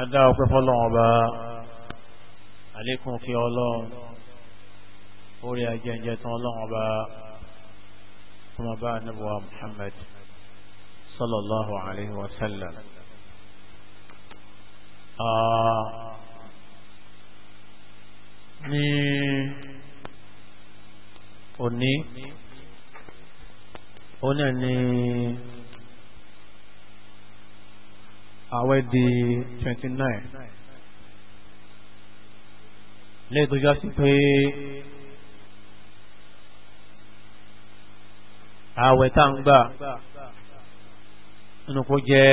adá ọpẹ́ fọ́lọ́wọ́n bá àlékún fi ọlọ́run orí ajẹ́jẹ́ tán ọlọ́run bá kuma bá níbuwa Muhammad sallallahu alaihi wasallam ní òní òní ni àwẹ̀ di twenty nine lẹ́yìn tó jásí pé àwẹ̀ tá ń gbà nínú kó jẹ́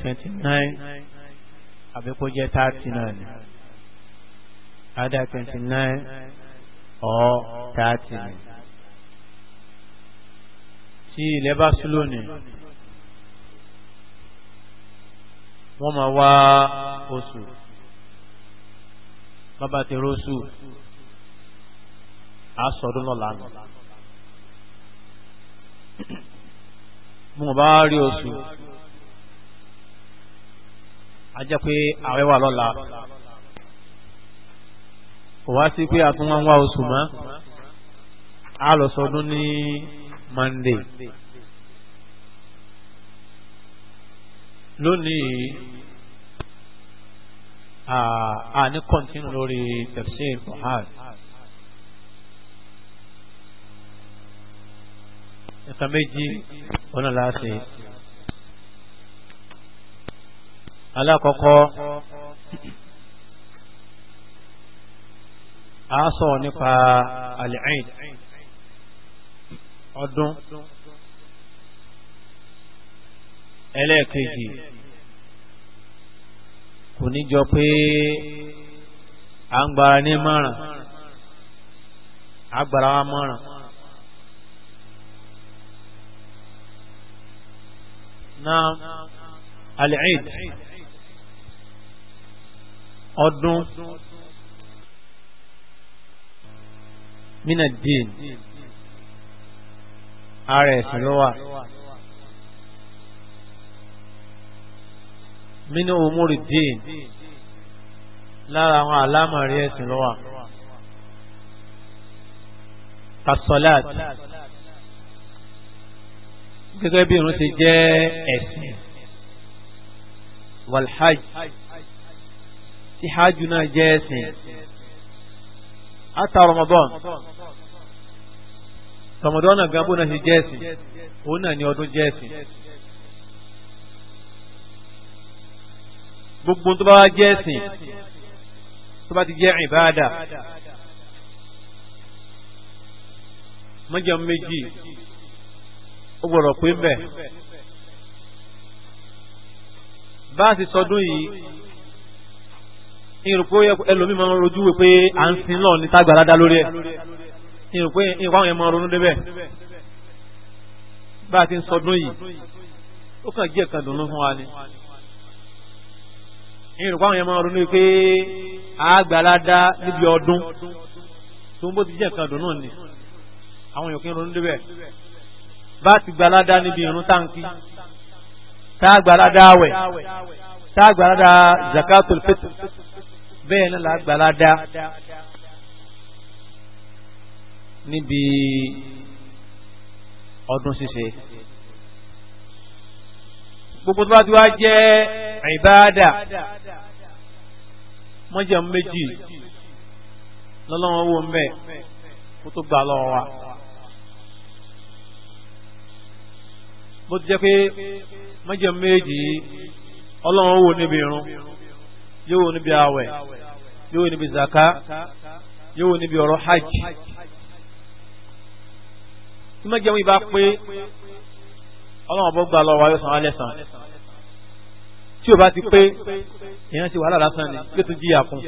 twenty nine àbí kó jẹ́ thirty nine Ada twenty nine or thirty tí ilẹ̀ bá sùn lónìí. wọ́n máa wá oṣù bàbá ti rọ́ṣù àsọdún lọ́la nù. mo bá rí oṣù a jẹ́ pé àwẹ̀ wà lọ́la kò wá sí pé a ń wá oṣù mọ́ a lọ sọdún Monday. lónìí a ní kọ́ntínú lórí tafsir Muhaz. nǹkan méjì ọ̀nà láti. alákọ̀ọ́kọ́ a sọ nípa al-Eid ọdún ẹlẹ́ẹ̀kejì kò ní jọ pé à ń gbara ní mọ́ràn àgbàrá wa mọ́ràn náà al-Eid ọdún mina ara ẹ̀sìn ló wà. mínú umuri dín lára àwọn àlámọ̀rí ẹ̀sìn lọ́wà kasolat gẹ́gẹ́ bí irun ti jẹ́ ẹ̀sìn walhaj tí hajj náà jẹ́ ẹ̀sìn ata ramadan ramadan náà gabo náà ti jẹ́ ẹ̀sìn òun náà ni ọdún jẹ́ ẹ̀sìn. gbogbo tó bá wá jẹ́ ẹ̀sìn tó bá ti jẹ́ ìbáadà mọ́jọ méjì ó gbọ́dọ̀ pé mbẹ̀ bá a ti sọdún yìí ìrò pé ẹlòmíì máa ń rojú wí pé à ń sin náà ní tágbàlá dá lórí ẹ̀ ìrò pé àwọn yẹn máa ronú débẹ̀ bá a ti sọdún yìí ó kàn jẹ́ ẹ̀kan dùnú fún wa ni ìrìnkọ́ àwọn yẹn máa ronú pé àgbàládá níbi ọdún tó ń bó ti jẹ́ nǹkan dùn náà ni àwọn yòókè ronú débẹ̀ bá ti gbàládá níbi ìrún táǹkì tá àgbàládá àwẹ̀ tá àgbàládá zakatul fitr bẹ́ẹ̀ náà làgbàládá níbi ọdún ṣíṣe gbogbo tó bá ti wá jẹ́ ìbáàdà mọ́jà méjì lọ́lọ́wọ́ wo mẹ́ kó tó gbà lọ́wọ́ wa. bó ti jẹ́ pé mọ́jà méjì ọlọ́wọ́ wo níbi irun yóò wo níbi àwẹ̀ yóò wo níbi zaka yóò wo níbi ọ̀rọ̀ hajj. tí mọ́jà mi bá pé ọlọ́run bó gba lọ́wọ́ ayọ́sàn alẹ́sàn tí o bá ti pé èèyàn ti wàhálà lásán ni yóò tún jìyà fún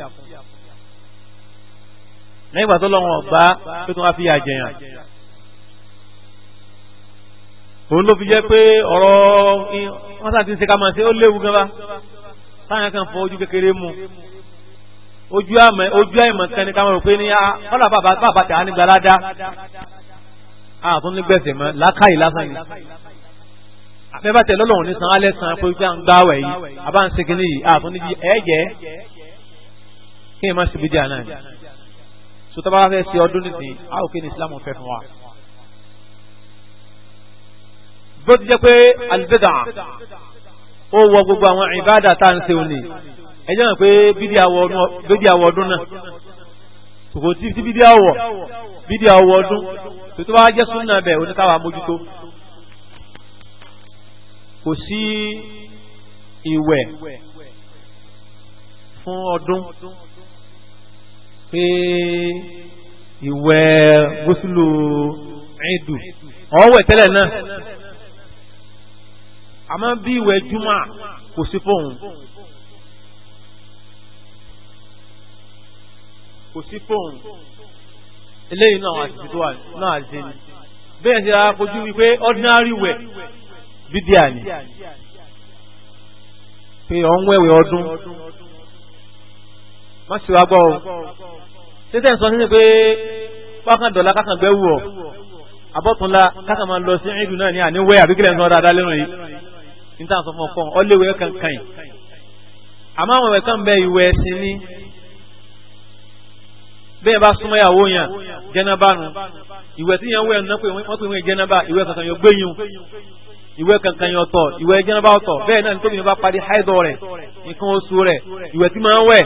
lẹ́yìn ìgbà tó lọ́wọ́ gbá o tún wá fi yà jẹyàn òun ló fi jẹ́ pé ọ̀rọ̀ wọ́n sáà ti ń ṣe ká máa ṣe ó léwu gan bá táyà kan fọ ojú kékeré mu ojú àìmọ̀ kan ní káwọn rò pé ní ah, ọ̀là bàbá tà á nígbà ládá àtúnnígbẹ̀sẹ̀ mọ́ lákàyè lásán ni afẹ́fẹ́ tẹ̀ lọ́lọ́run ní san alẹ́ san pé gbà ń gbáwẹ̀ yìí àbá ń segin yìí àfún níbi ẹ̀ẹ́jẹ́ kí ni má sì bíjà náà ni so fẹ́ ṣe ọdún nìsín a ò kí ni Islam fẹ́ fún wa. bó ti jẹ́ pé alibeda ó wọ gbogbo àwọn ìbáàdà tá à ń ṣe òní ẹ jẹ́ hàn pé bídí àwọ̀ ọdún náà kò tí bídí àwọ̀ bídí àwọ̀ ọdún tó tó bá jẹ́ súnà bẹ̀ oníkàwá mójútó kò sí ìwẹ̀ fún ọdún pé ìwẹ̀ gúúsùlù ìdù ọ̀wẹ̀ tẹ́lẹ̀ náà àmọ́ bí ìwẹ̀ júmọ́ kò sí fóun kò sí fóun eléyìí náà àti tó wà náà àti bẹ́ẹ̀ sí ara kojú wípé ordinary wẹ̀ bídíà ni pé ọ̀ ń wẹ̀wẹ̀ ọdún má sì wá gbọ́ ọ títẹ̀ ń sọ nínú pé pákàndọ̀lá kákàngbẹ́wù ọ abọ́tunla kákàn máa lọ sí ìlú náà ní àníwẹ́ àbíkílẹ̀ ń sọ dáadáa lẹ́nu yìí níta sọ fún ọkọ ọléwẹ́ kankan yìí àmọ́ àwọn ẹ̀wẹ̀ kan bẹ ìwẹ̀ ẹ̀sìn ní bẹ́ẹ̀ bá súnmọ́ ìyàwó yàn jẹ́nàbà nù ìwẹ̀ tí yẹn wẹ̀ ń ná pé wọ́n pè wọ́n jẹ́nàbà ìwẹ̀ kankan yóò gbẹ̀yìn ìwẹ̀ kankan yẹn ọ̀tọ̀ ìwẹ̀ jẹnaba ọ̀tọ̀ bẹ́ẹ̀ náà nítorí bá parí haidọ rẹ̀ nǹkan oṣù rẹ̀ ìwẹ̀ tí máa ń wẹ̀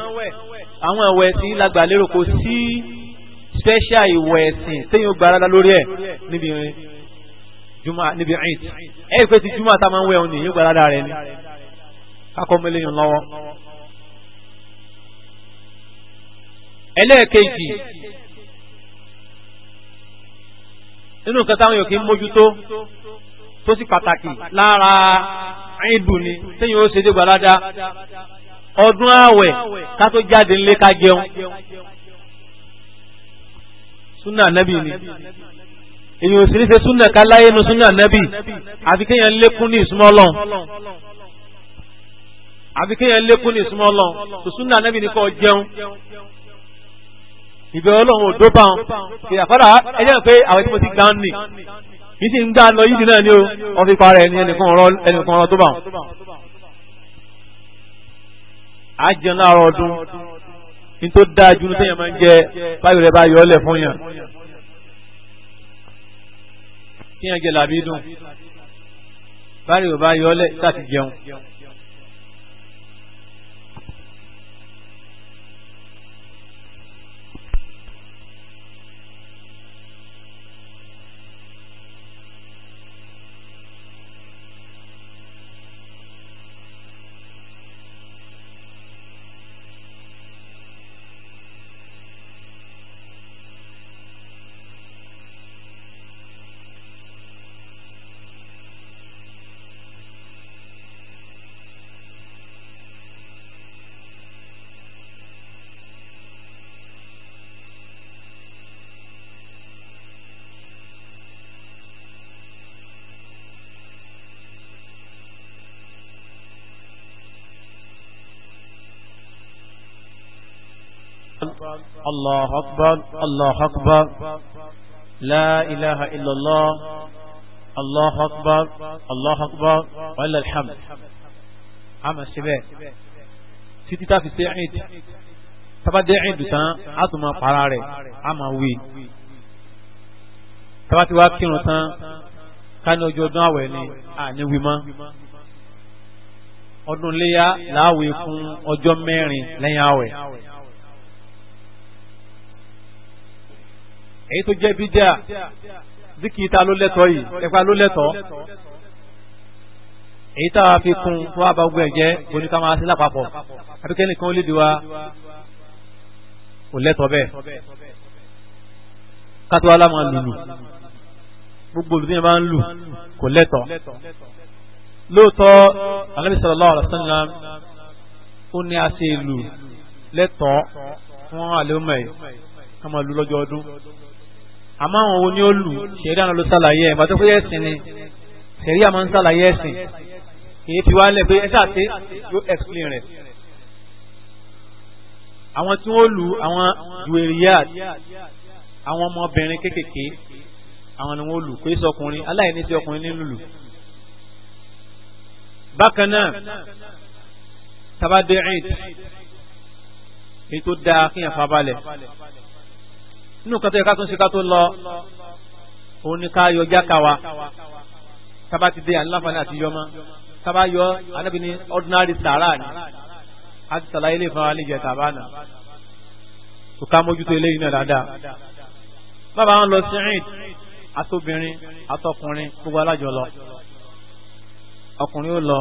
àwọn ìwẹ̀ tí lágbà lérò kò sí special ìwẹ̀ ẹ̀sìn téèyàn gba ara lórí ẹ̀ níbi juma níbi eid ẹ ẹ pé ti juma tá a máa ń wẹ̀ ọ nìyẹn gba ara rẹ̀ ni kakọ mẹlẹyìn lọ́wọ́. ẹlẹ́ẹ̀kejì nínú nǹkan táwọn yòókì ń mójútó tó sì pàtàkì lára ìdù ni téyìn ó ṣe dé gbalada ọdún ààwẹ̀ ká tó jáde ńlé ká jẹun súnà nẹ́bì ni èyàn sì ní ṣe súnà ká láyé nu súnà nẹ́bì àfi kéèyàn lékún ní ìsúnmọ́ Ọlọ́run àfi kéèyàn lékún ní ìsúnmọ́ Ọlọ́run tó súnà nẹ́bì ni kò jẹun ìbẹ̀rẹ̀ Ọlọ́run ò dóbà wọn ìyàfọ́dà ẹjẹ́ pé àwọn tí mo ti gbà ń kì í sì ń dá lọ yídì náà ni ó wọ́n fi para ẹni ẹnìkan ọ̀rọ̀ ẹnìkan ọ̀rọ̀ tó bá wọn. àjẹun láàárọ̀ ọdún ní tó dáa ju téèyàn máa ń jẹ báyọ̀ rẹ̀ bá yọ ọ́lẹ̀ fún yàn. kí yàn jẹ làbí dùn báyọ̀ bá yọ ọ́lẹ̀ láti jẹun. الله أكبر الله أكبر لا إله إلا الله الله أكبر الله أكبر وإلا الحمد عمل الشباب títí tá a fi ṣe ẹ̀ẹ́d tábà dé ẹ̀ẹ́d tán a tún máa para rẹ̀ a máa wí tábà tí wàá kírun tán ká ní ọjọ́ ọdún àwẹ̀ ni a ní wí mọ́ ọdún léyà láàwẹ̀ fún ọjọ́ mẹ́rin lẹ́yìn àwẹ̀. èyí tó jẹ́ bídíà zikiri ta ló lẹ́tọ̀ọ́ yìí ẹ̀pà ló lẹ́tọ̀ọ́ èyí tá a fi kún fún wa bá gbogbo ẹ̀ jẹ́ oníkà máa sí lápapọ̀ àbíkẹ́ nìkan ó lè di wa kò lẹ́tọ̀ọ́ bẹ́ẹ̀ kátó aláma lùlù gbogbo olùdíyàn máa ń lù kò lẹ́tọ̀ọ́ lóòótọ́ Ànábì sallallahu alaihi wasallam ó ní a ṣe lù lẹ́tọ̀ọ́ fún àlẹ́ ọmọ yìí ká máa lù lọ́jọ́ ọdún àmọ́ àwọn wo ni ó lù ṣẹ̀rí àná ló ṣàlàyé ẹ̀ bàtọ́ pé ẹ̀sìn ni ṣẹ̀rí àmọ́ ń ṣàlàyé ẹ̀sìn èyí fi wálẹ̀ pé ẹ̀sà ṣe yóò explain rẹ̀. àwọn tí wọ́n lù àwọn juweriyat àwọn ọmọbìnrin kéékèèké àwọn ni wọ́n lù pé sọkùnrin aláìní sí ọkùnrin nínú lù. bákan náà tabadé èyí tó dáa kíyàn fa balẹ̀ nínú kan tó yẹ ká tún ṣe ká tó lọ òun ni ká yọ jáka wa tába ti dé àníláfààní àti yọmọ tába yọ anábì ní ordinary sàrà ni a ti sàlàyé lè fún wa níjẹ tàbá nà kò ká mójútó eléyìí náà dáadáa bàbá wọn lọ sí ẹ̀ẹ́d àtobìnrin àtọkùnrin gbogbo alájọ lọ ọkùnrin ó lọ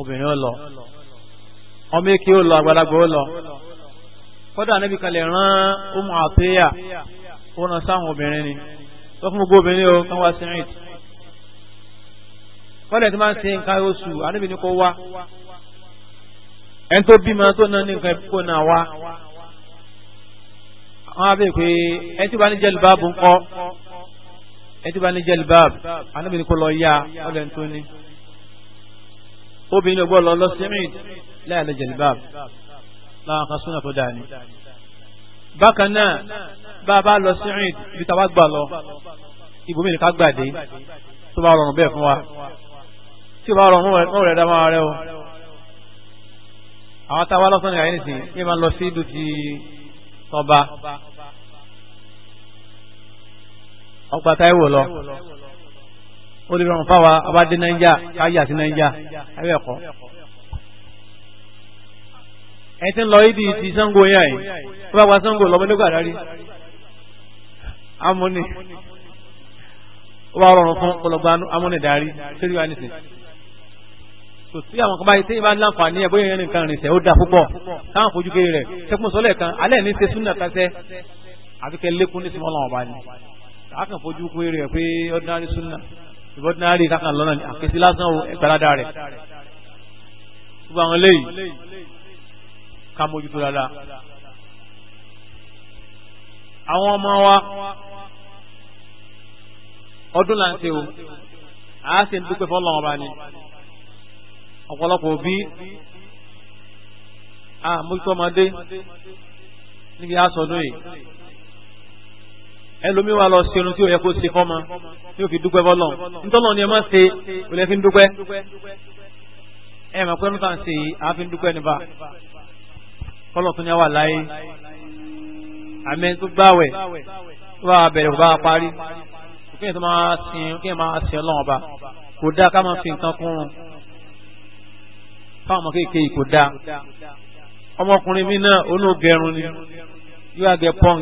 obìnrin ó lọ ọmọ èké ó lọ àgbàlagbà ó lọ kọ́dà anábì kalẹ̀ rán ọmọ àtẹ́yà ó ràn sáwọn obìnrin ni sọ fún gbogbo obìnrin o kan wá sí rìn kọ́dà tí máa ń ṣe nǹkan oṣù anábì ní kó wá ẹni tó bímọ tó náà ní nǹkan kó náà wá wọn abẹ́ pé ẹni tí wọ́n ní jẹ́libáàbù ńkọ́ ẹni tí wọ́n ní jẹ́libáàbù anábì ní kó lọ yá ọlẹ́ni tó ní obìnrin ò gbọ́ lọ lọ sí rìn láyà lẹ́jẹ̀libáàbù láwọn kan súnà tó dáa ni. bákan náà bá a bá lọ sí rìn bí ta wá gbà lọ ibùmí ni ká gbàdé tó bá rọrùn bẹ́ẹ̀ fún wa tí o bá rọrùn mọ́ rẹ̀ dá máa rẹ o. àwọn táwa lọ́sàn ní àyẹ̀nìsì yìí máa lọ sí ìlú ti ọba ọgbà táìwò lọ ó lè rọrùn fáwa abá dé náíjà káyà sí náíjà ayọ̀ ẹ̀kọ́ ẹ ti ń lọ ibi ti sango yẹn yìí tó bá wa sango lọ́mọdé gbàdá rí amúni ó bá rọrùn fún ọlọgbà amúni darí sórí wa nísìn so tí àwọn kan báyìí tí ìbá láǹfààní ẹ bóyá nǹkan rìn sẹ ó dáa púpọ̀ táwọn fojú kiri rẹ sẹkùn sọlẹ kan alẹ ní ṣe súnà tàṣẹ àfikẹ lẹkùn ní sọmọlọ ọba ni káàkàn fojú kiri rẹ pé ordinary súnà ordinary káàkàn lọ́nà àkẹ́sí lásán ẹgbàládà rẹ gbogbo àwọn eléyìí ká mójútó dáadáa àwọn ọmọ wa ọdún là ń ṣe o a sì ń dúpẹ́ fọ́lọ́run ọba ni ọ̀pọ̀lọpọ̀ òbí àmójútó ọmọdé níbi àsọdún yìí ẹlòmí wa lọ ṣe irun tí ó yẹ kó ṣe fọ́mọ tí ó fi dúpẹ́ fọ́lọ́n nítọ́lọ́ ni ẹ má ṣe ò lè fi ń dúpẹ́ ẹ mọ̀ pé nípa ṣe yìí àá fi dúpẹ́ nípa kọ́lọ̀ tó ní àwà láyé àmẹ́ tó gbáwẹ̀ tó bá bẹ̀rẹ̀ kò bá parí kí ètò máa sin kí ètò máa sin ọlọ́run ọba kò dáa ká máa fi nǹkan kún un fáwọn ọmọ kéékèèké kò dáa ọmọkùnrin mi náà onógẹrun ni yóò àgẹ punk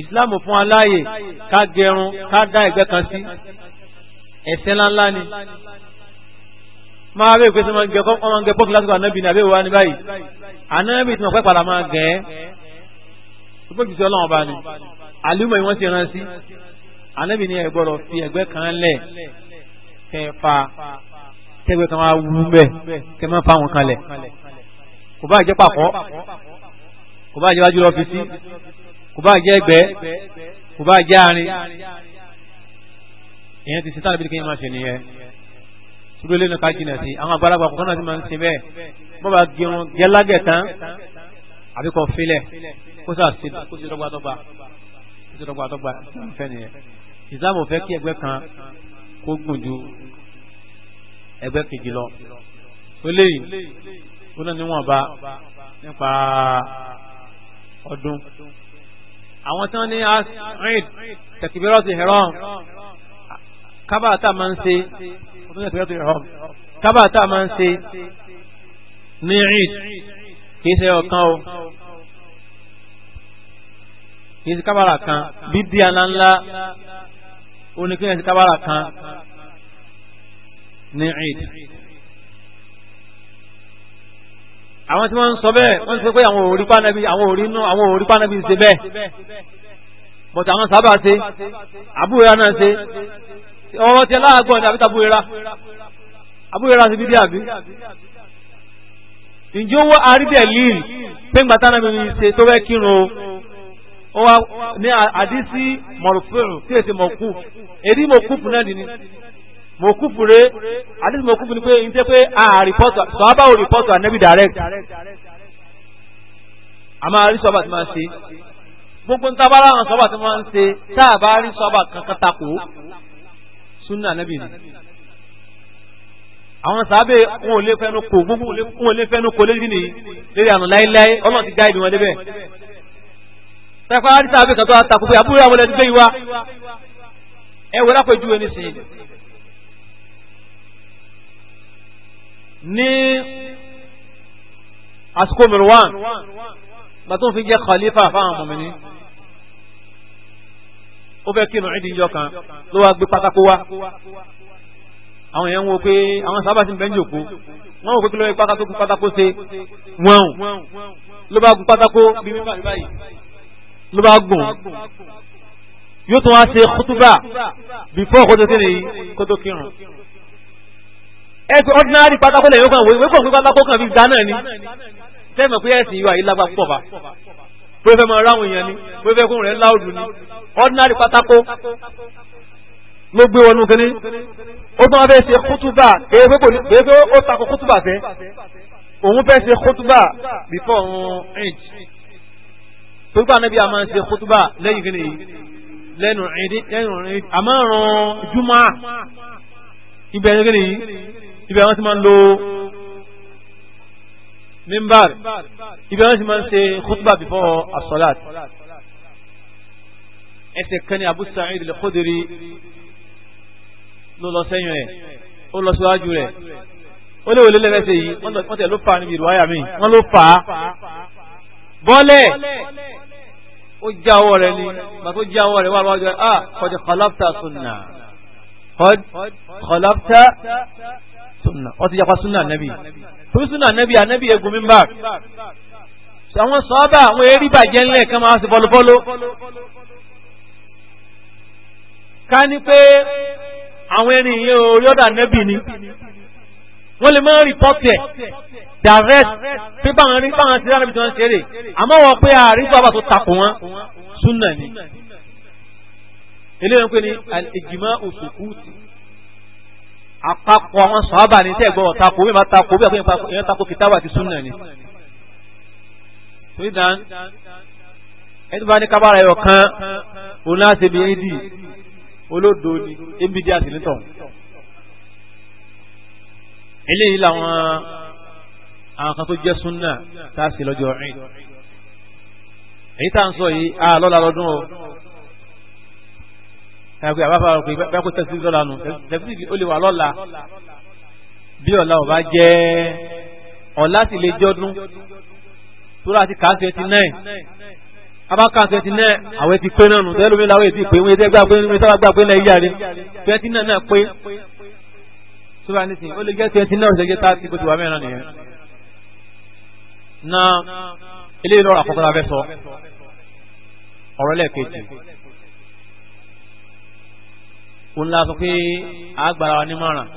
ìsìláàmù fún aláàyè ká gẹrun ká dá ẹgbẹ́ kan sí ẹ̀ṣẹ̀ ńláńlá ni máa bẹ́ẹ̀ pé sọ ma ń gẹ kọ́ ma ń gẹ pọ́ọ̀kì lásìkò ànábì ní abẹ́wò wa ní báyìí ànábì tí mo pẹ́ padà máa gẹ̀ ẹ́ gbogbo jùlọ ọlọ́run ọba ni àlùmọ̀ ìwọ́n ti rán sí ànábì ní ẹ̀gbọ́dọ̀ fi ẹ̀gbẹ́ kan lẹ̀ kẹ́ fa tẹ́gbẹ́ kan máa wú bẹ́ẹ̀ kẹ́ máa fa àwọn kan lẹ̀ kò bá jẹ́ pàkọ́ kò bá jẹ́ wájú lọ́fíìsì kò bá jẹ́ ẹgbẹ́ kò bá jẹ́ àárín ìyẹn ti sin tánàbí sùdó lẹ́nu jina jìnà sí àwọn àgbàlagbà kọ̀ọ̀kan náà ti máa ń ṣe bẹ́ẹ̀ mọ́ bá gẹrun gẹ́lágẹ̀ tán àbí kan filẹ̀ kó sà sí kó sì dọ́gba dọ́gba kó sì dọ́gba dọ́gba fẹ́ nìyẹn ìsáàmù fẹ́ kí ẹgbẹ́ kan kó gùn ju ẹgbẹ́ kejì lọ tó léyìí ó náà níwọ̀nba nípa ọdún àwọn tí wọ́n ní Eid tẹ̀kìbírọ́ọ̀tì hẹ̀rọ̀ kábàtà máa ń ṣe ọdún ẹ̀tọ́ yàtọ̀ ìrọ̀m kábà tá a máa ń ṣe ní eid kìí ṣe ọ̀kan o kìí ṣe kábàrà kan bíbí aláńlá ó ní kí wọ́n ṣe kábàrà kan ní eid. àwọn tí wọ́n ń sọ bẹ́ẹ̀ wọ́n ti sọ pé àwọn òrí pánábì àwọn òrí nù àwọn òrí pánábì ṣe bẹ́ẹ̀ bọ̀tà àwọn sábà ṣe àbúrò yà náà ṣe ọ̀rọ̀ ti aláàgbọ̀n ni àbí tàbúrera àbúrera ti dídí àbí ǹjẹ́ owó àrídẹ̀ líl pé ń gbàtà náà mi ṣe tó fẹ́ kírun ó wá ní àdísí mọ̀rùfẹ́rù tí èsì mọ̀kú èdè mọ̀kúfù náà nìní mọ̀kúfù rẹ̀ àdísí mọ̀kúfù ni pé ń jẹ́ pé a rìpọ́tù sọ́ábà ò rìpọ́tù ànẹ́bì direct a máa rí sọ́ábà tí máa ṣe gbogbo ń tábàlà àwọn sọ́ábà tí máa ń ṣe tá a bá rí sọ́ábà kankan takò súnà ànábì ni àwọn sàábé wọn ò lè fẹnu kò gbogbo wọn ò lè fẹnu kò lórí nìyí lórí àná láéláé ọlọ́run ti gáìdì wọn débẹ̀ sẹ́fà àdìsá àbí kan tó àtàkùn pé àbúrò àwọn ẹni gbé yìí wá ẹ wọ lápẹjú ẹni sìn ní àsìkò mìíràn gbàtó fi jẹ́ khalifa fáwọn ọmọ mi ní ó fẹ́ kírun ẹ̀dì ìjọ kan ló wá gbé pátákó wá àwọn èèyàn wo pé àwọn sábà ti ń bẹ́ńjì òkú wọ́n wò pé kí ló yẹ pátákó kú pátákó ṣe wọ́n ló bá gun pátákó bí mímọ́ àbí báyìí ló bá gùn yóò tún wá ṣe kútúbà before kó tó kí nìyí kó tó kírun ẹgbẹ́ ordinary pátákó lẹ́yìn kan wọ́n kàn fún pátákó kan fi dáná ni tẹ́lẹ̀ mọ̀ pé ẹ̀sìn ìwà yìí lágbá púpọ̀ bá pé fẹ́ máa ráwọn èèyàn ni pé fẹ́ kóhùn rẹ̀ láòdù ni ordinary pátákó ló gbé wọnú kínní ó tún wá fẹ́ ṣe kútúbà èébé kò ní èébé ó takò kútúbà fẹ́ òun fẹ́ ṣe kútúbà before òun eid torí pé ànábì àmọ́ ṣe kútúbà lẹ́yìn kínní lẹ́nu eid lẹ́nu eid àmọ́ ràn júmọ́ ibẹ̀ ní kínní ibẹ̀ wọ́n ti máa ń lo mímbàr ibẹ̀ wọ́n ti máa ṣe kútúbà before as ẹsẹ̀ kan ní Abu Sa'id al-Khudri ló lọ sẹ́yìn rẹ̀ ó lọ síwájú rẹ̀ ó léwu lélẹ̀ fẹsẹ̀ yìí wọ́n tẹ̀ ló fà níbi ìrùwáyà mi wọ́n ló fà á bọ́lẹ̀ ó já ọwọ́ rẹ̀ ni bàtó já ọwọ́ rẹ̀ wà lọ́wọ́ jẹ́ ah qad khalafta sunna qad khalafta sunna ó ti yapa sunna nabi torí sunna nabi anabi egun mi bá àwọn sọ́ọ́bà àwọn erí bàjẹ́ ńlẹ̀ kan máa ń ṣe bọ́lọ́bọ́lọ́ ká ní pé àwọn ẹni o yọ̀dà nẹ́bì ni wọ́n lè máa rìpọ́tì ẹ̀ direct pé báwọn rí báwọn ti rárá bí wọ́n ṣe rè àmọ́ wọ́n pé àríṣọ́ àbá tó takò wọn súnà ni eléyìí pé ní ìgbìmọ̀ òṣòkú àpapọ̀ àwọn sọ̀ábà ní tẹ́ gbọ́ ọ̀tako bí wọ́n tako bí wọ́n tako kìtàbà àti súnà ni. torí dan ẹni bá ní kábàárà ẹ̀yọ̀ kan òun láti bí ẹ̀dì olódo ni ebidi àtìlítọ̀ eléyìí làwọn àwọn kan tó jẹ́ súnà tá a sì lọ́jọ́ rìn èyí tá à ń sọ yìí a lọ́la lọ́dún o ẹ̀kọ́ àbáfà rẹ̀ pé bẹ́ẹ̀ kó tẹ̀sí lọ́la nù tẹ̀sí ó lè wà lọ́la bí ọ̀la ò bá jẹ́ ọ̀la sì lè jọ́dún tó láti kàá twenty nine abáka twenty nine àwẹ̀ ti pé náà nù tẹ́lẹ̀ lómi làwẹ̀ ti pé wọ́n ti gbà pé wọ́n ti gbà pé lẹ́yìn yàrá twenty nine náà pé sọ́ba ní sìn ó lè jẹ́ twenty nine ọ̀sẹ̀ jẹ́ thirty bó ti wà mẹ́rin nìyẹn. na eléyìí lọ́rọ̀ àkọ́kọ́ la fẹ́ sọ ọ̀rọ̀ lẹ́ẹ̀kejì òun la sọ pé àgbàrá wa ní márùn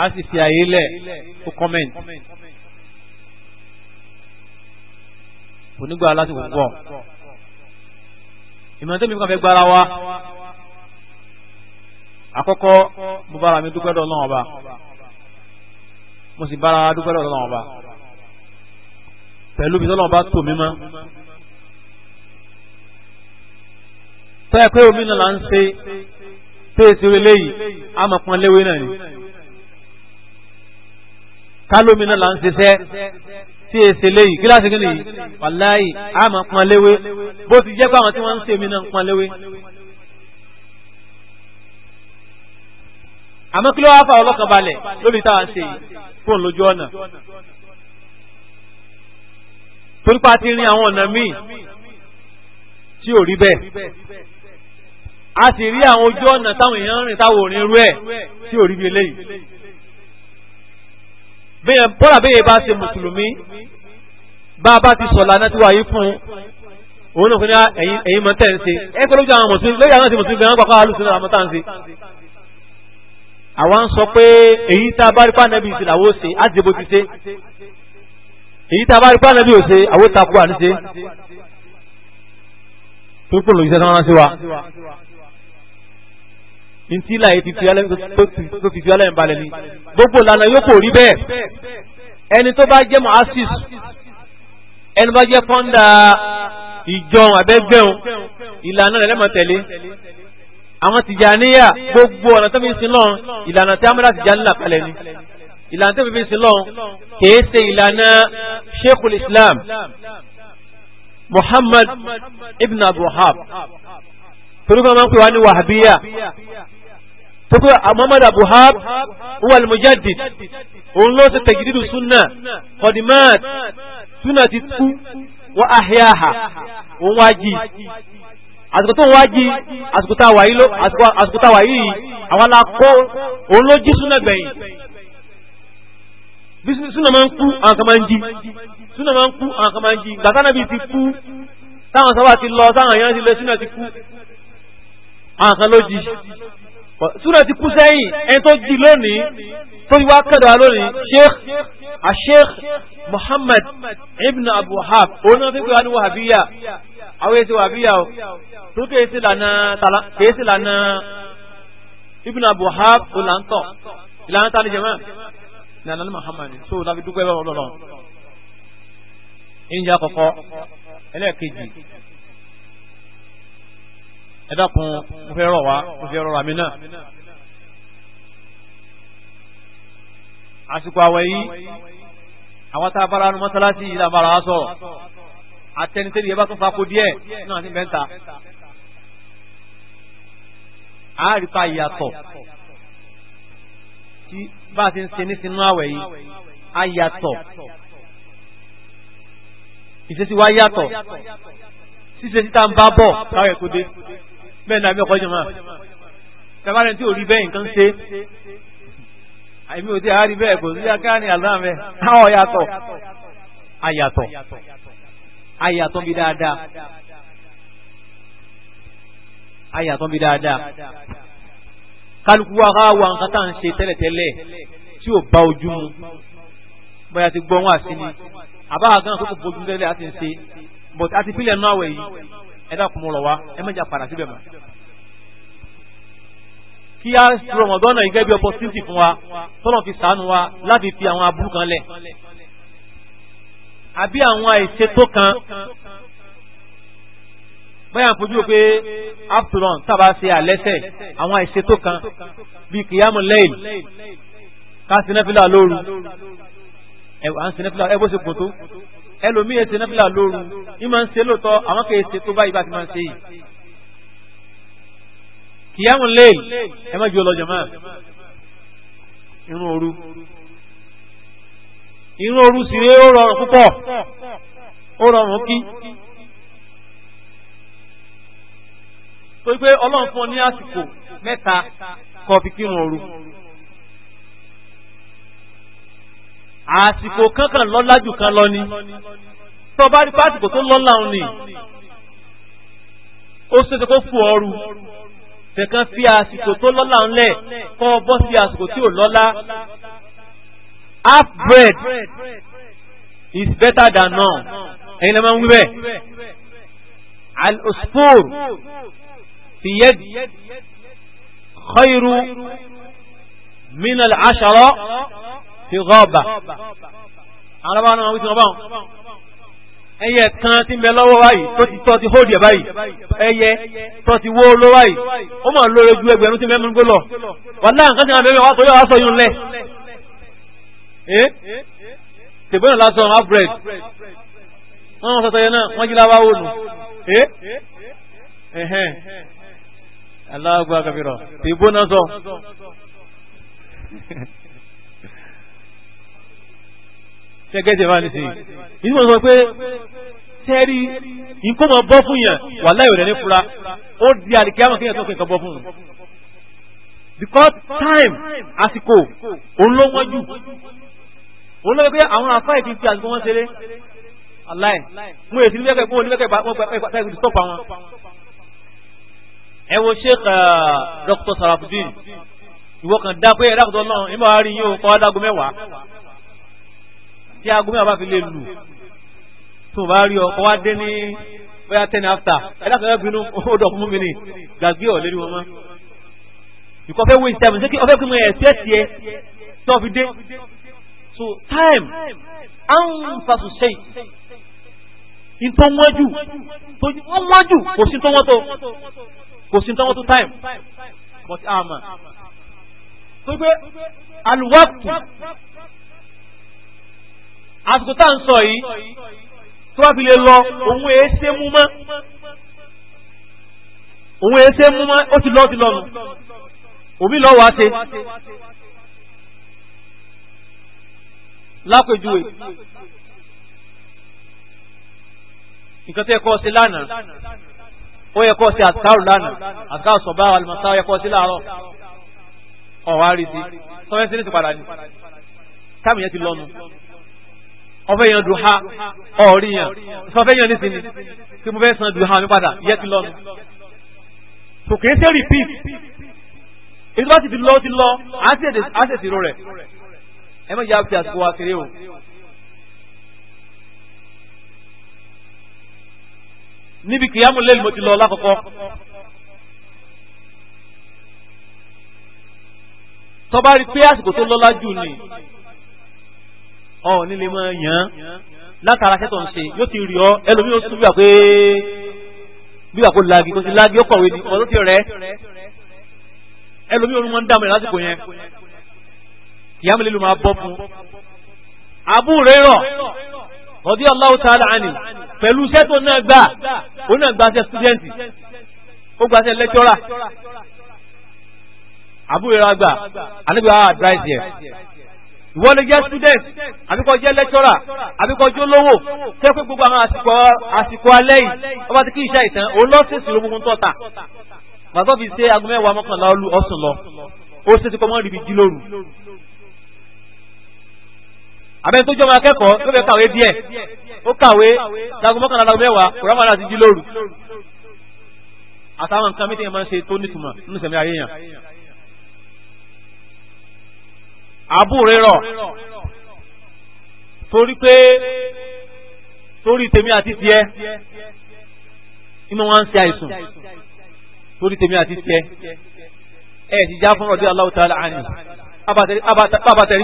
a sì fi àyè lẹ̀ fún kọ́mẹ́ǹtì. kò ní gbà láti púpọ̀ ìmọ̀tẹ́mi kan fẹ́ gbára wa àkọ́kọ́ mo bára mi dúpẹ́ lọ́dọ̀ náà ọba mo sì bára dúpẹ́ lọ́dọ̀ náà ọba pẹ̀lú bí lọ́dọ̀ ọba tò mí mọ́ tọ́ ẹ pé omi náà là ń ṣe tó èsì relé yìí a mọ̀ pọn léwé náà ni kálómi náà là ń ṣiṣẹ́ tí èsè léyìí kíláàsì kí nìyí wàláyì a máa pọn léwé bó ti jẹ́ pé àwọn tí wọ́n ń ṣe mí náà ń pọn léwé. àmọ́ kí ló wá fà ọlọ́kan balẹ̀ lórí táwa ń ṣe fóònù lójú ọ̀nà. torípa ti rin àwọn ọ̀nà míì tí ò rí bẹ́ẹ̀ a sì rí àwọn ojú ọ̀nà táwọn èèyàn ń rìn táwọn ò ní irú ẹ̀ tí ò rí bí eléyìí bọ́lá bẹ́ẹ̀ bá ṣe mùsùlùmí bá a bá ti sọ̀lá náà ti wà yí fún un òun náà fún ní ah, ẹ̀yìn mọ́tẹ́ ń ṣe ẹ pẹ́ lójú àwọn mùsùlùmí lórí àwọn ti mùsùlùmí gan gbàgbọ́ àlùsùn náà mọ́tà ń ṣe. àwa ń sọ pé èyí tá a bá rí pàánà bíi ìṣìlàwó ṣe á ti bó ti ṣe èyí tá a bá rí pàánà bíi òṣè àwòtakù à ń ṣe. pípọ̀ lòdì sẹ́sán rán ntí láyé ti fi ọlẹ́yìn balẹ̀ ni gbogbo ìlànà yóò kò rí bẹ́ẹ̀ ẹni tó bá jẹ́ muasis ẹni bá jẹ́ fọ́ndà ìjọun àbẹ́gbẹ̀hún ìlànà rẹ̀ lẹ́mọ̀ tẹ̀lé àwọn tìjàníyà gbogbo ọ̀nà tó fi sin lọ́n ìlànà tí amúdá tìjàní là kalẹ̀ ni ìlànà tó fi sin lọ́n kìí ṣe ìlànà sheikhul islam muhammad ibn Abu torí kan máa ń pè wá ní wàhábíyà tó pé Muhammad Abu Wahab huwa al-mujaddid òun ló ṣe tajdidu súnà kọ̀dìmáàt súnà ti kú wọ́n ahyaha òun wá jí àsìkò tó ń wá jí àsìkò tá wà yìí àwọn alákọ́ òun ló jí súnà gbẹ̀yìn bí súnà máa ń kú àwọn kan máa ń jí súnà máa ń kú àwọn kan máa ń jí gbàtà náà bí ti kú táwọn sábà ti lọ táwọn èèyàn ti lọ súnà ti kú àwọn kan ló jí súnà ti kú sẹ́yìn ẹni tó di lónìí tó ti wá kẹ́dọ̀ lónìí sheikh asheikh muhammad ibn abu wahab òun náà fi pé wá ní wàhábíyà àwọn èsì wàhábíyà o tó kéé sí lànà kéé sí lànà ibn abu wahab òun là ń tọ̀ ìlànà tá a lè jẹ mọ́ ìlànà ní muhammad so láfi dúpẹ́ bá wọn lọ́lọ́ ìyá kọ̀kọ́ ẹlẹ́ẹ̀kejì ẹ dákun mo fẹ́ rọ̀ wá mo fẹ́ rọra mi náà. àsìkò àwẹ̀ yìí àwọn tá a bára nu mọ́sálásí yìí làbára wa sọ̀rọ̀ àtẹnitẹ́ni yẹn bá tún fako díẹ̀ náà ní mẹ́ta. àárípa ìyàtọ̀ tí bá a ti ń ṣe ní sinú àwẹ̀ yìí á yàtọ̀ ìṣesí wa yàtọ̀ ṣíṣe títà ń bá bọ̀ káwé kó dé bẹ́ẹ̀ náà mẹ́kọ́ jọmọ́ tabarẹ́ tí ò rí bẹ́ẹ̀ nǹkan ṣe àìmí òtí àárí bẹ́ẹ̀ kò sí aká ní àlámẹ́ táwọn yàtọ̀ àyàtọ̀ àyàtọ̀ bí dáadáa àyàtọ̀ bí dáadáa kálukú wa ká wa nǹkan tá à ń ṣe tẹ́lẹ̀tẹ́lẹ̀ tí ò bá ojú mu bóyá ti gbọ́ wọn àti ni àbáwá gan kókò bójú tẹ́lẹ̀ àti ń ṣe but àti fílẹ̀ náà wẹ̀ yìí ẹ dákun mọ́ lọ wá ẹ mẹ́jà padà síbẹ̀ mọ́ kí á rọmọdọ́nà yìí gẹ́gẹ́ bí opportunity fún wa tọ́lọ̀ fi sànù wa láti fi àwọn aburú kan lẹ̀ àbí àwọn àìṣe tó kan báyà ń fojú pé afternoon tábà ṣe àlẹ́sẹ̀ àwọn àìṣe tó kan bíi kìyàmù lẹ́yìn ká sinẹ́fìlà lóru ẹ̀ sinẹ́fìlà ẹ̀ bó ṣe kò tó ẹlòmíì ẹsẹ̀ náfìlà lóru ní máa ń ṣe lóòótọ́ àwọn kì í tó báyìí bá ti máa ń ṣe yìí. kìyàmù lẹ́yìn ẹ má ju ọlọ́jọ́ máa irun òru irun òru sì rèé ó rọrùn púpọ̀ ó rọrùn kí. torí pé ọlọ́run fún ọ ní àsìkò àsìkò kankan lọ́lá jù kan lọ ni tó bá rí pásìkò tó lọ́lá òun ni ó ṣeéṣe kó fò ọrù fẹ̀kan fi àsìkò tó lọ́lá òun lẹ̀ kọ́ bọ́ sí àsìkò tí ò lọ́lá half bread is better than none ẹ̀yin lè máa ń wí al-usfur fi yẹ́dì khayru min al-ashara fi gọ́ọ̀bà alábàá náà wíṣọ báwọn ẹyẹ kan tí ń bẹ lọ́wọ́ báyìí tó ti tọ́ ti hóòdì ẹ̀ báyìí ẹyẹ tó ti wó ló báyìí ó mà lóore ju ẹgbẹ̀rún tí mẹ́mú gbó lọ wà láà nǹkan tí wọn bẹ̀rẹ̀ wá torí wàá sọ yún lẹ̀ tèbónà lásán abred wọn wọn sọsọ yẹn náà wọn jí láwa wò nù aláàgbà kàfíràn tèbónà sọ. ṣẹ́gẹ́jẹ̀ máa ní sí i ìdí mo sọ pé tẹ́rí nǹkan máa bọ́ fún yàn wà láyò rẹ̀ ní fura ó di àdìkẹ́ àwọn kéèyàn tó kẹ́kọ̀ọ́ bọ́ fún because time àsìkò òun ló wọ́n jù òun ló wọ́n pé àwọn àfáì ti fi àsìkò wọn ṣeré aláì mo èsì nílẹ́kẹ̀ẹ́ fún onílẹ́kẹ̀ẹ́ wọn pẹ̀lú ìpàtà stop àwọn. ẹ wo Sheikh Dr. Sarafudeen ìwọ kan dá pé ẹ dákòtò náà nígbà wàá rí yín o kọ́ adágún mẹ́wàá tí aago mẹ́wàá bá fi lè lù tó bá rí ọkọ̀ wá dé ní bóyá ten after ẹ̀dá kan yóò bínú ó dọ̀ fún mi ní gàgbé ọ̀ lérí wọn mọ́ ìkọ́ fẹ́ wíńtì tẹ́mù sẹ́kì ọ̀fẹ́ kí mo ẹ̀ tiẹ̀ tó fi dé so time anfasu sẹ́yìn ìtọ́ wọ́n jù wọ́n wọ́n jù kò sí tọ́wọ́ tó kò sí tọ́wọ́ tó time but ama. tó gbé alùwàkù àsìkò tá à ń sọ yìí tó bá fi lè lọ òun èé ṣe mú mọ́ òun èé ṣe mú mọ́ ó ti lọ́ ti lọ nù òbí lọ́ wá ṣe lápèjúwe nǹkan tó yẹ kọ́ ṣe lánàá ó yẹ kọ́ ṣe àtàrù lánàá àtàrù sọ̀bá àlùmọ̀sá ó yẹ kọ́ ṣe láàárọ̀ ọ̀wá rí sí ní ti padà ní táàmì yẹn ti lọ́nu ọfẹ́ yan duha ọ̀rí yan sọfẹ́ yan nísìnyí tí mo fẹ́ san duha mi padà yẹ ti lọ mi. kò kìí ṣe repeat èyí tó bá sì ti lọ ti lọ á sì ṣèrò rẹ̀ ẹ má yà á àsìkò wa kéré o. níbi kìyàmù lẹ́nu mo ti lọ lákọ̀ọ́kọ́. tọ́ba rí pé àsìkò tó lọ́lá jù ni ọ nílé máa yàn án látara sẹ́tọ̀ ń ṣe yóò ti rí ọ ẹlòmíì ó tún bí wà pé bí wà kó lagi kó ti lagi ó kọ̀wé ni ọ̀rọ̀ ti rẹ̀ ẹlòmíì orun wọn ń dààmú rẹ̀ lásìkò yẹn ìyá mi máa bọ́ fún Abu Hurairah radiyallahu ta'ala anhu pẹ̀lú sẹ́tọ̀ náà gbà ó náà gbà sẹ́ stúdẹ́ǹtì ó gbà sẹ́ lẹ́kítọ́rà Abu Hurairah gbà àníbi àwọn àdúráìsì yẹn ìwọ lè jẹ́ student àbíkọ jẹ́ lecturer àbíkọ jó lówó tẹ́ pé gbogbo àwọn àsìkò àsìkò alẹ́ yìí wọ́n bá ti kí iṣẹ́ ìtàn òun lọ́sẹ̀sì ló gbogbo tọ́ta màtọ́ fi ṣe aago mẹ́wàá mọ́kànlá olú ọ̀sùn lọ ó ṣe ti kọ́ mọ́ ríbi jí lóru abẹ́ni tó jọmọ akẹ́kọ̀ọ́ tó fẹ́ kàwé díẹ̀ ó kàwé aago mọ́kànlá aago mẹ́wàá kòrán mọ́ra ti jí lóru àtàwọn nǹkan mí àbúrérọ̀ torí pé torí tèmi àti tiẹ̀ inú wọn ń ṣe àìsùn torí tèmi àti tiẹ̀ ẹ ti já fún ọdún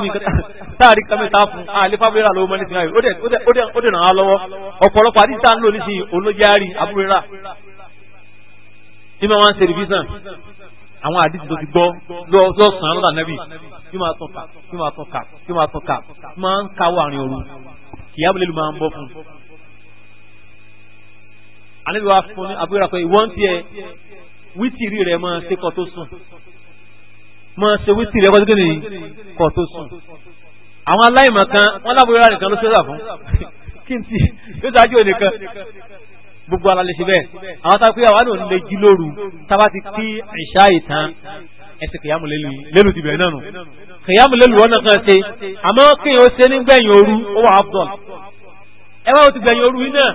mi ta kẹmẹta fún àlefàbẹ́rà lọ́wọ́ mọ́lẹ́sì náà ó dẹ̀ náà lọ́wọ́ ọ̀pọ̀lọpọ̀ àti tá ń lò nísìnyí olójárí àwọn àdìsí tó ti gbọ́ lọ́sàn-án lọ́dà nẹ́bì tí máa tọ́ka tí máa tọ́ka tí máa tọ́ka tí máa ń káwọ́ àrin òru kìyàmùlélù máa ń bọ́ fún un. àníbi wa fún abúlé pé ìwọ́n tiẹ̀ wítìrì rẹ̀ máa ṣe kọ́ tó sùn máa ṣe wítìrì rẹ̀ kọ́ tó kéde kọ́ tó sùn. àwọn aláìmọ̀ kan wọ́n lábúrò rà nìkan ló ṣe é gbogbo ara lè ṣe bẹ́ẹ̀ àwọn tá a pé àwa náà lè jí lóru tábà ti kí ìṣá ìtàn ẹsẹ̀ kìyàmù lélu yìí lélu ti bẹ̀rẹ̀ náà nù kìyàmù lélu wọn náà kan ṣe àmọ́ kéèyàn ó ṣe nígbẹ̀yìn ooru ó wà afdol ẹ wá ó ti gbẹ̀yìn ooru yìí náà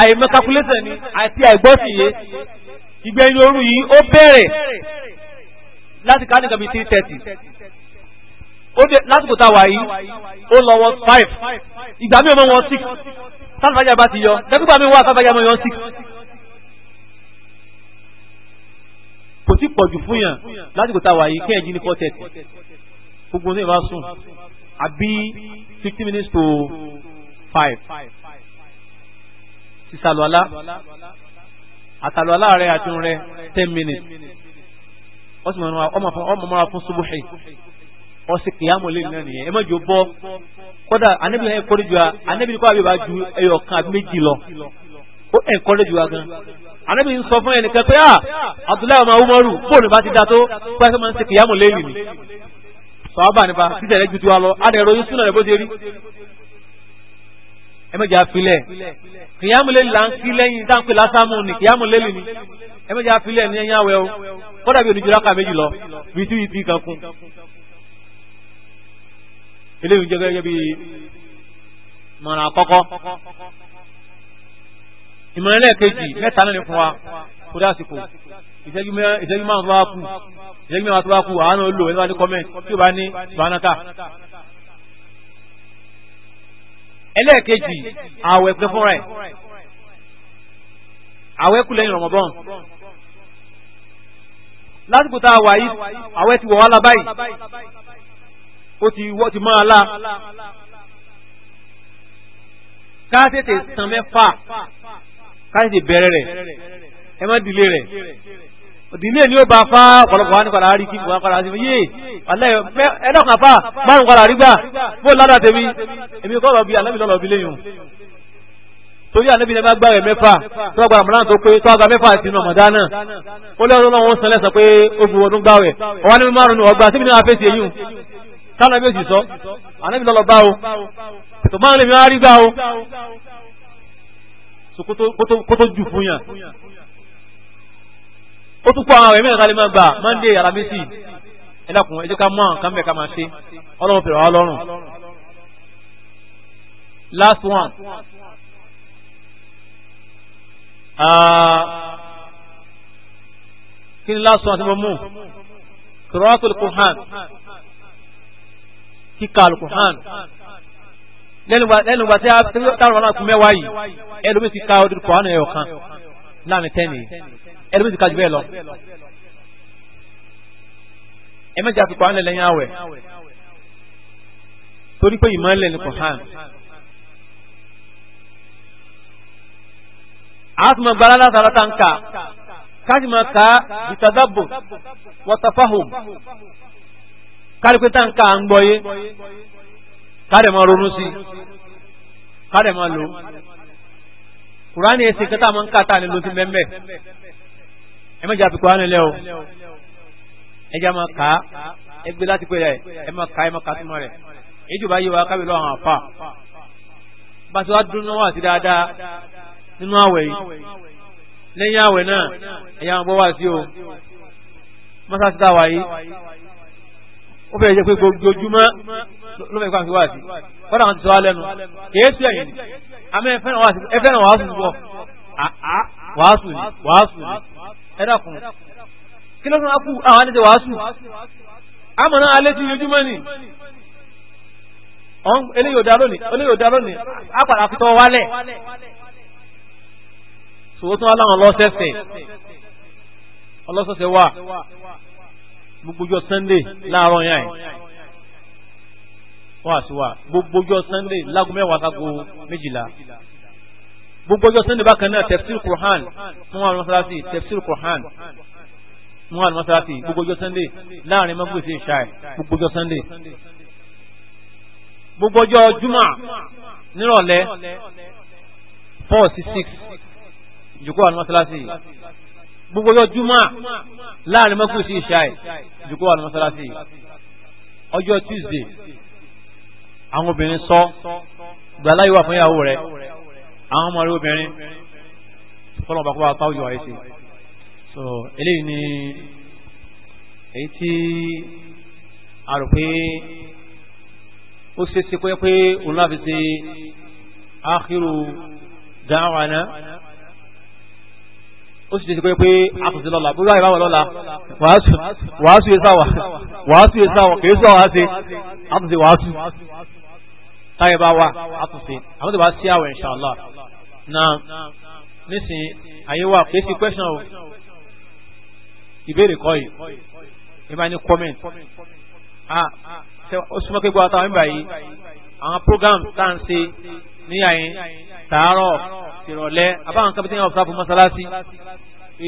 àìmọ̀ calculator ni àti àìgbọ́sìyé ìgbẹ̀yìn ooru yìí ó bẹ̀rẹ̀ láti ká nìkan bíi three thirty lásìkò tá a wà yìí ó lọ wọ five ìgbà mi ò mọ wọn six sálfàjà bá ti yọ dẹ́gbẹ́gbà mi wá sálfàjà mọ́ yọ sí. kò tí pọ̀jù fún yàn lásìkò tá a wà yìí kí ẹ̀jìn ní four thirty gbogbo ní ìbá sùn àbí fifty minutes to five sísàlùwàlá àtàlùwàlá rẹ àti òun rẹ ten minutes ọmọ mọ́ra fún subuhi ọsì kìyàmù lè nà nìyẹn ẹ má jò bọ kódà anabi náà ẹkọ lójú wa anabi kọ́ àbí ba ju ẹyọ kan àbí méjì lọ ó ẹkọ lójú wa gan anabi ń sọ fún ẹnìkan pé ah abdullahi ọmọ umaru fóònù bá ti da tó pẹ́ẹ́sì máa ń ṣe kìyàmù lẹ́yìn ni sọ́ọ́bà nípa títẹ̀ rẹ ju tiwa lọ adẹ̀rọ yóò súnà rẹ bó ṣe rí ẹ má jẹ́ àfilẹ̀ kìyàmù lẹ́yìn là ń kí lẹ́yìn dáńpẹ́ lásámù ni kìyàmù lẹ́yìn ni ẹ má jẹ́ àfilẹ̀ ní ẹ̀yìn àwẹ̀ o kódà bí oníjìlá kà méjì lọ bíi tí yìí ti kankan eléyìí jẹ́ gẹ́gẹ́ bí mọ̀ràn àkọ́kọ́ ìmọ̀ràn lẹ́ẹ̀kejì mẹ́ta náà ní fún wa kó dá àsìkò ìṣẹ́jú márùn-ún tó bá kù ìṣẹ́jú márùn-ún tó bá kù àánú lò ẹ̀ lọ́wọ́ ní kọ́mẹ́ǹt tí ó bá ní ìbánáta ẹlẹ́ẹ̀kejì àwẹ̀ pẹ́ fúnra ẹ̀ àwẹ̀ kù lẹ́yìn Ramadan lásìkò tá a wà yìí àwẹ̀ ti wọ̀ wá lábáyìí ó ti wọ́ ti máa la ká tètè san mẹ́fà ká tètè bẹ̀rẹ̀ rẹ̀ ẹ má dìlé rẹ̀ dìlé ni ó bá fá ọ̀pọ̀lọpọ̀ wá ní padà rí kí wọ́n padà sí yé ẹ̀dọ́ kan fá márùn padà rí gbà fún ládà tèmi èmi kọ́ lọ bí anábì lọ́lọ́ bí léyìn torí anábì náà gbà rẹ̀ mẹ́fà tó gbà mọ́nà tó pé tó gba mẹ́fà sí ọmọ dáná ó lẹ́yìn tó lọ́wọ́ ń sanlẹ̀ sọ pé ó fi wọnú gbà rẹ̀ ọ̀wá ní márùn ọgbà síbi náà fèsì èyí tánàbí òsì sọ ànábì lọ́lọ́ bá o tó máa ń lè fi wá rí gbá o so kó tó jù fún yàn ó tún kó àwọn ẹ̀mí ẹ̀ka máa gbà Monday alamisi ẹ̀dàkùn ẹ̀jẹ̀ ká mú àwọn kan bẹ̀ ká máa ṣe ọlọ́run fèrè wá lọ́rùn last one. Ah, kí ni last one tí mo mú kìrọ́tò kùhán kíkà alukuhan lẹ́nu gbà tí a táwọn ọmọ kún mẹ́wàá yìí ẹlòmí ti ka ọdún kọ́ ànà ẹ̀yọ̀kan láàrin tẹ́ni ẹlòmí ti ka jù bẹ́ẹ̀ lọ. ẹ̀mẹ́jà ti kọ́ ànà lẹ́yìn àwẹ̀ torí pé ìmọ̀lẹ̀ ni kùhán. àtúmọ̀ gbára látara tá n kà káàdì máa ka ìtàdàbò wọ́tàfáhùn kálípé tá ń ká à ń gbọ́yé kádẹ̀ máa ronú sí kádẹ̀ máa lò kùránì ẹsẹ̀ kẹta máa ń ká tá a lè lo sí mẹ́mẹ́ ẹ má jà fi kùránì lẹ́ o ẹ já máa kà á ẹ gbé láti pé rẹ ẹ má kà á ẹ má kà á túmọ̀ rẹ̀ èyí jù bá yé wa àwọn àfà bá a ti wá dúró náà wà sí dáadáa nínú àwẹ̀ yìí lẹ́yìn àwẹ̀ náà ẹ̀yà wọn bọ́ wá sí o mọ́sáàsì táwa yìí ó fẹ́ jẹ́ pé gbogbogbojúmọ́ ló fẹ́ pàṣẹ wá sí kọ́dà wọn ti sọ wá lẹ́nu kìí sí ẹ̀yìn ni àmọ́ ẹfẹ́ràn wàásù wọ̀ wàásù ni wàásù ni ẹ dákun kí ló fún akú àwọn àti wàásù àmọ́ná alẹ́ ti yojúmọ́ ni eléyìí ò dá lónìí eléyìí ò dá lónìí á padà fi tọ́ wálẹ̀ sòwò tún wá láwọn ọlọ́sẹ̀sẹ̀ ọlọ́sẹ̀sẹ̀ wà gbogbojọ́ sunday láàárọ̀ yẹn wọ́n àṣìwà gbogbojọ́ sunday láago mẹ́wàá sago méjìlá gbogbojọ́ sunday bákan náà tefsir quran fún àwọn mọ́sálásí tefsir quran fún àwọn mọ́sálásí gbogbojọ́ sunday láàrin mọ́gbìn sí ìṣá ẹ̀ gbogbojọ́ sunday gbogbojọ́ juma nírọ̀lẹ́ four sí six ìjókòó àwọn mọ́sálásí gbogbo ọjọ́ júmọ́ láàrin mọ́kùnrin sí ìṣá ẹ̀ jùkọ́ wà ní mọ́sálásí ọjọ́ tuesday àwọn obìnrin sọ gbà láyé wà fún ìyàwó rẹ̀ àwọn ọmọ rẹ̀ obìnrin fọlọ́n bá kó wa pàwọ́ ìwà ẹ̀sìn so eléyìí ni èyí tí a rò pé ó ṣe é ṣe pé òun láti ṣe áàkìrù dáhùn àná ó sì ṣe pé àtúnṣe lọ́la bó láì báwọn lọ́la wàásù ìsáwà wàásù ìsáwà kìí sọ wàá ṣe àtúnṣe wàásù táyẹ̀ bá wà àtúnṣe àwọn tó bá sí àwẹ̀ inshallah na nísìn ayé wà kìí sí question o ìbéèrè kọ́ yìí ìbá ní comment ah ó súnmọ́ pé gbọ́ àtàwọn ìbá yìí àwọn program tá à ń ṣe níyà yín tààrọ̀ ìrọ̀lẹ́ àbáwọn kan bí wọ́n sáfù mọ́sálásí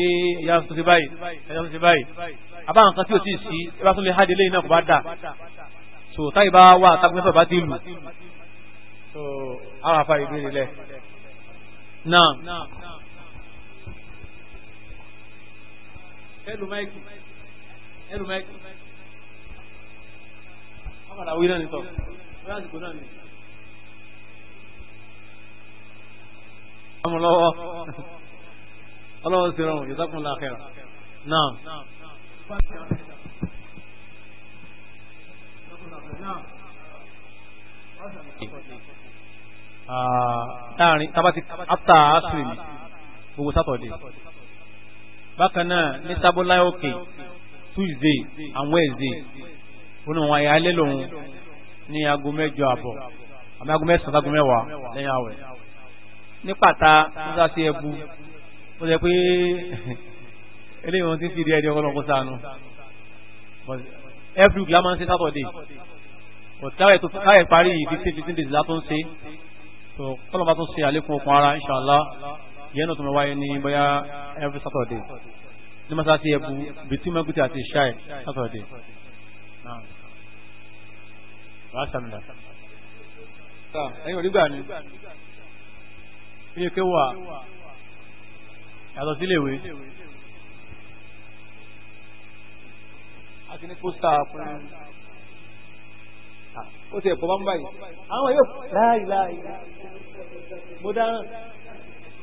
ìyá tó ti báyìí ẹ̀yà tó ti báyìí àbáwọn kan tí ò tí ì sí ẹ bá tún lè háde lẹ́yìn náà kò bá dà so táyì bá wà tábìlẹ́fẹ̀ bá ti lù so àwọn afa ìbéèrè lẹ̀ náà. ẹlù máìkì ẹlù máìkì. wọ́n padà wí náà nìtọ́ wọ́n ọmọ lọ́wọ́ ọlọ́wọ́ sí rọrùn ìdákùnlá àkẹ́rà náà. Ah, láàrin tabati after asiri gbogbo sátọ̀dé bákan náà ní sábọ́láyà òkè tuesday and wednesday fún àwọn àyà alẹ́ lòun ní aago mẹ́jọ àbọ̀ àmì aago mẹ́sàn-án aago mẹ́wàá lẹ́yìn àwẹ̀ ní pàtà nígbà sí ẹbu ó jẹ pé eléyìí wọn ti fi rí ẹni ọlọ́run kó sànù every week la máa ń ṣe Saturday òtáwẹ̀ tó káyẹ̀ parí yìí fifteen fifteen days látó ń ṣe tó kọ́lọ̀ bá tó ṣe àlékún okun ara inṣàlá yẹn náà tó máa wáyé ní bóyá every Saturday ní mọ́sáàsì ẹbu between mẹ́gùtì àti ṣáì Saturday. Ẹ̀yin ò rí gbà ni ilé ké wà yàtọ̀ sílé ìwé àti ní pósítà fún ó ti ẹ̀kọ́ bá ń báyìí àwọn yóò láàyè láàyè mo dáná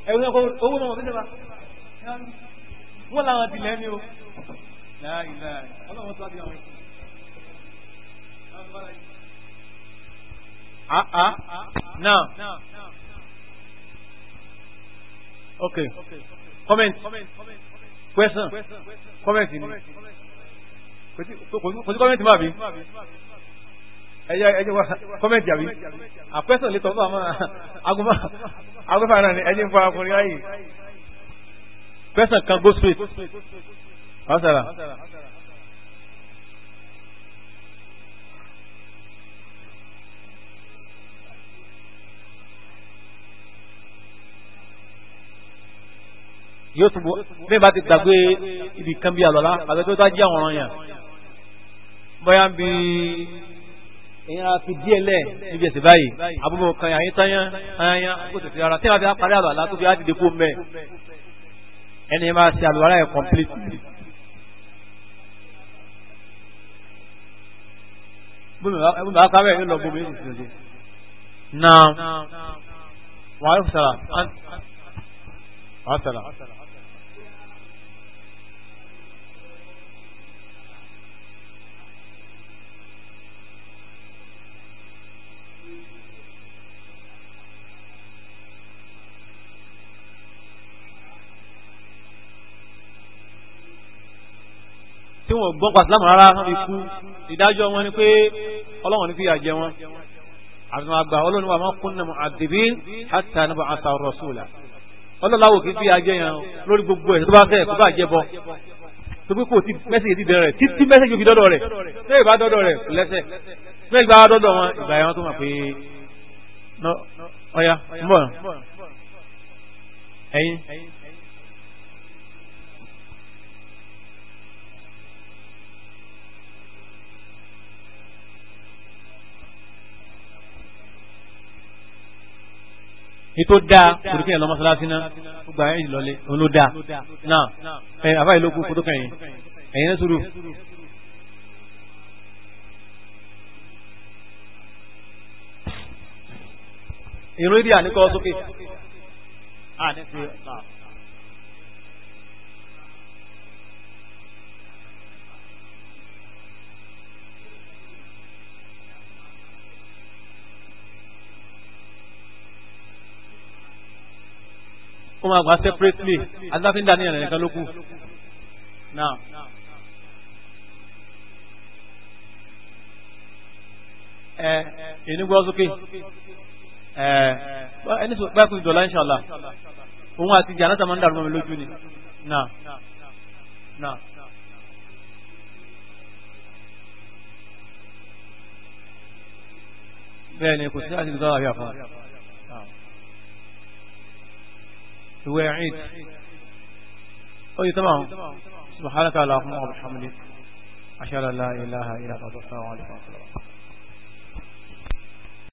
ẹ̀rù náà owó náà wọ́n fi dábàá wọ́n làwọn ti lẹ́ni o láàyè láàyè ọlọ́run tó wá sí àwọn ẹ̀kọ́. náà ok comment question comment ni kò sí comment máa bí ẹjẹ ẹjẹ wa comment àbí a question lè tọ́ fún àwọn agbófà agbófà náà ni ẹjẹ ń fara fún ní ayé question kan go straight. Masala. yóò tún bọ́ bẹ́ẹ̀ bá ti gbàgbé ibi kan bí àlọ́lá àgbẹ̀gbẹ́ tó ajé àwọn ọ̀ràn yàn bóyá ń bi èyàn àti díẹ̀ lẹ̀ níbi ẹ̀sìn báyìí abúlé kan yàn tán yàn ayanyan kó tètè ara tí wọ́n fi parí àlọ́lá tó fi á dìde kó mẹ́ ẹni yẹn máa ṣe àlọ́lá yẹn completely. bómi bá kábẹ̀ yóò lọ bómi yóò sì ṣe. na wàhálà wàhálà. wọn gbọ́n pàṣílámù rárá wọn fi kú ìdájọ́ wọn ni pé ọlọ́wọ́n ní fi yà jẹ wọn àfihàn àgbà ọlọ́run wa máa kún nàmú àdìbí hatta nàbà àṣà rọ̀ṣùlà ọlọ́láwò kì í fi yà jẹ yẹn lórí gbogbo ẹ̀ tó bá fẹ́ kó bá jẹ bọ́ tobi kò ti mẹsẹgì ti bẹ̀rẹ̀ títí mẹsẹgì fi dọdọ rẹ tó ìbá dọdọ rẹ lẹsẹ mẹsẹgì ẹyin. ní tó dáa kòtòkè yẹn lọ mọ́sálásí náà ó gba ẹ̀yìn lọlé òun ló dáa náà ẹ àbáyé ló kú kótó kẹyìn ẹ̀yìn náà sùúrù. ìrún ìdí àníkọ́ sókè. máa gbà separately adáfín dání ẹ̀rẹ̀ nìkan ló kù. now ẹ ẹni gbọ́ sókè ẹ ẹni sọ pé kùn dọ̀là inshallah òun àti ìjà náà máa ń dàrú mọ́ mi lójú ni now now. bẹ́ẹ̀ ni kò sí àti ìgbà àyàfọ́. سواعيد عيد طيب، أي تمام سبحانك اللهم وبحمدك أشهد أن لا إله إلا أنت أستغفرك وأتوب إليك